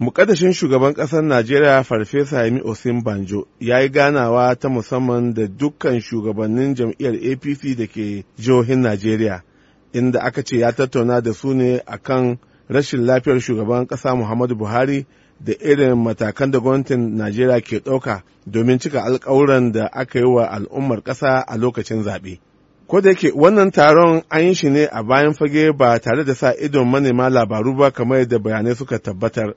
Mukaddashin shugaban ƙasar Najeriya Farfesa Yemi banjo ya yi ganawa ta musamman da dukkan shugabannin jam'iyyar APC da ke jihohin Najeriya, inda aka ce ya tattauna da su ne akan rashin lafiyar shugaban ƙasa Muhammadu Buhari da irin matakan da gwamnatin Najeriya ke ɗauka domin cika alkawuran da aka yi wa al'ummar ƙasa a lokacin zaɓe. ko da yake wannan taron an yi shi ne a bayan fage ba tare da sa idon manema labaru ba kamar yadda bayanai suka tabbatar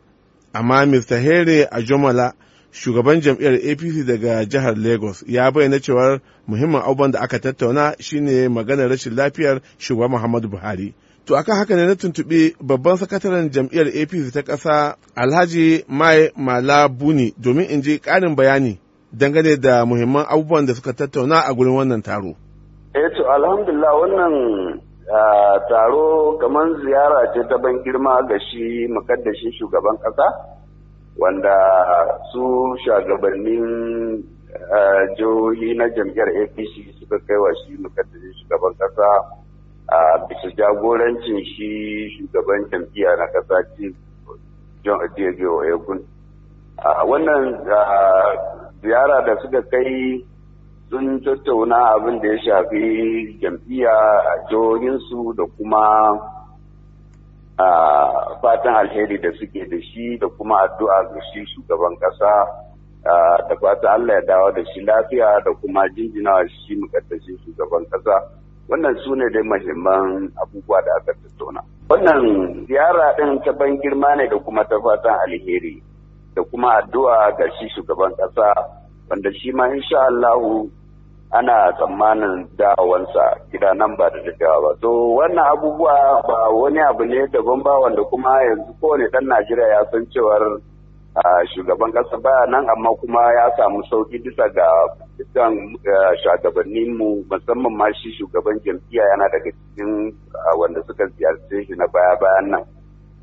amma mr here a shugaban jam'iyyar apc daga jihar lagos ya bayyana cewar muhimmin abubuwan da aka tattauna shine maganar rashin lafiyar shugaban muhammadu buhari to akan haka ne na tuntuɓi babban sakataren jam'iyyar apc ta ƙasa alhaji mai malabuni domin in ji ƙarin bayani dangane da muhimman abubuwan da suka tattauna a gurin wannan taro eh to alhamdulillah wannan taro kamar ziyara ce ta ban girma ga shi makaddashin shugaban kasa, wanda su shugabannin jihohi na jam'iyyar apc suka kai wa shi makaddashin shugaban kasa, a bisa jagorancin shi shugaban jam'iyya na kasa, ce john wannan ziyara da suka kai tattauna abin da ya shafi jam'iyya a jihohinsu da kuma fatan alheri da suke da shi da kuma addu'a ga shi shugaban ƙasa da fatan Allah ya dawo da shi lafiya da kuma jinjinawa shi mukaddashin shugaban ƙasa. wannan su ne dai mahimman abubuwa da aka tattauna. Wannan ziyara ɗin ta ban girma ne da kuma ta fatan alheri da kuma addu'a ga shi shugaban ƙasa wanda shi ma insha Allahu ana tsammanin dawansa gida nan ba da daɗewa ba. To wannan abubuwa ba wani abu ne daban ba wanda kuma yanzu kowane ɗan Najeriya ya san cewar shugaban ƙasa ba nan amma kuma ya samu sauki bisa ga dukkan shugabannin mu musamman ma shi shugaban jam'iyya yana daga cikin wanda suka ziyarce shi na baya bayan nan.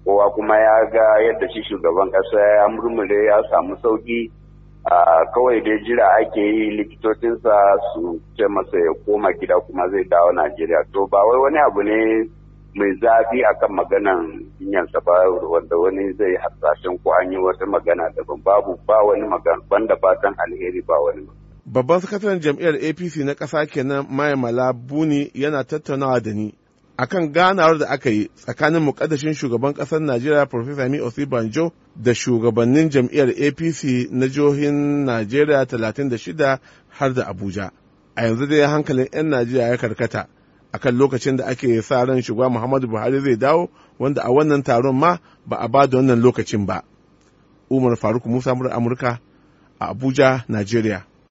Kowa kuma ya ga yadda shi shugaban ƙasa ya murmure ya samu sauki. a kawai dai jira ake yi likitocinsa su ce masa ya koma gida kuma zai dawo najeriya to ba wai wani abu ne mai zafi akan maganan jinyarsa ba wanda wani zai hasashen ko an yi wata magana daban babu ba wani magana banda fatan alheri ba wani babban sakataren jam'iyyar apc na ƙasa kenan maya malabuni yana tattaunawa da ni akan ganawar da aka yi tsakanin mukaddashin shugaban kasar Najeriya Profesa Mi Osibanjo da shugabannin jam'iyyar APC na jihohin Najeriya 36 har da Abuja. A yanzu dai hankalin 'yan Najeriya ya karkata akan lokacin da ake sa ran shugaba Muhammadu Buhari zai dawo wanda a wannan taron ma ba a ba da wannan lokacin ba. Umar Faruk Musa Amurka a Abuja, Najeriya.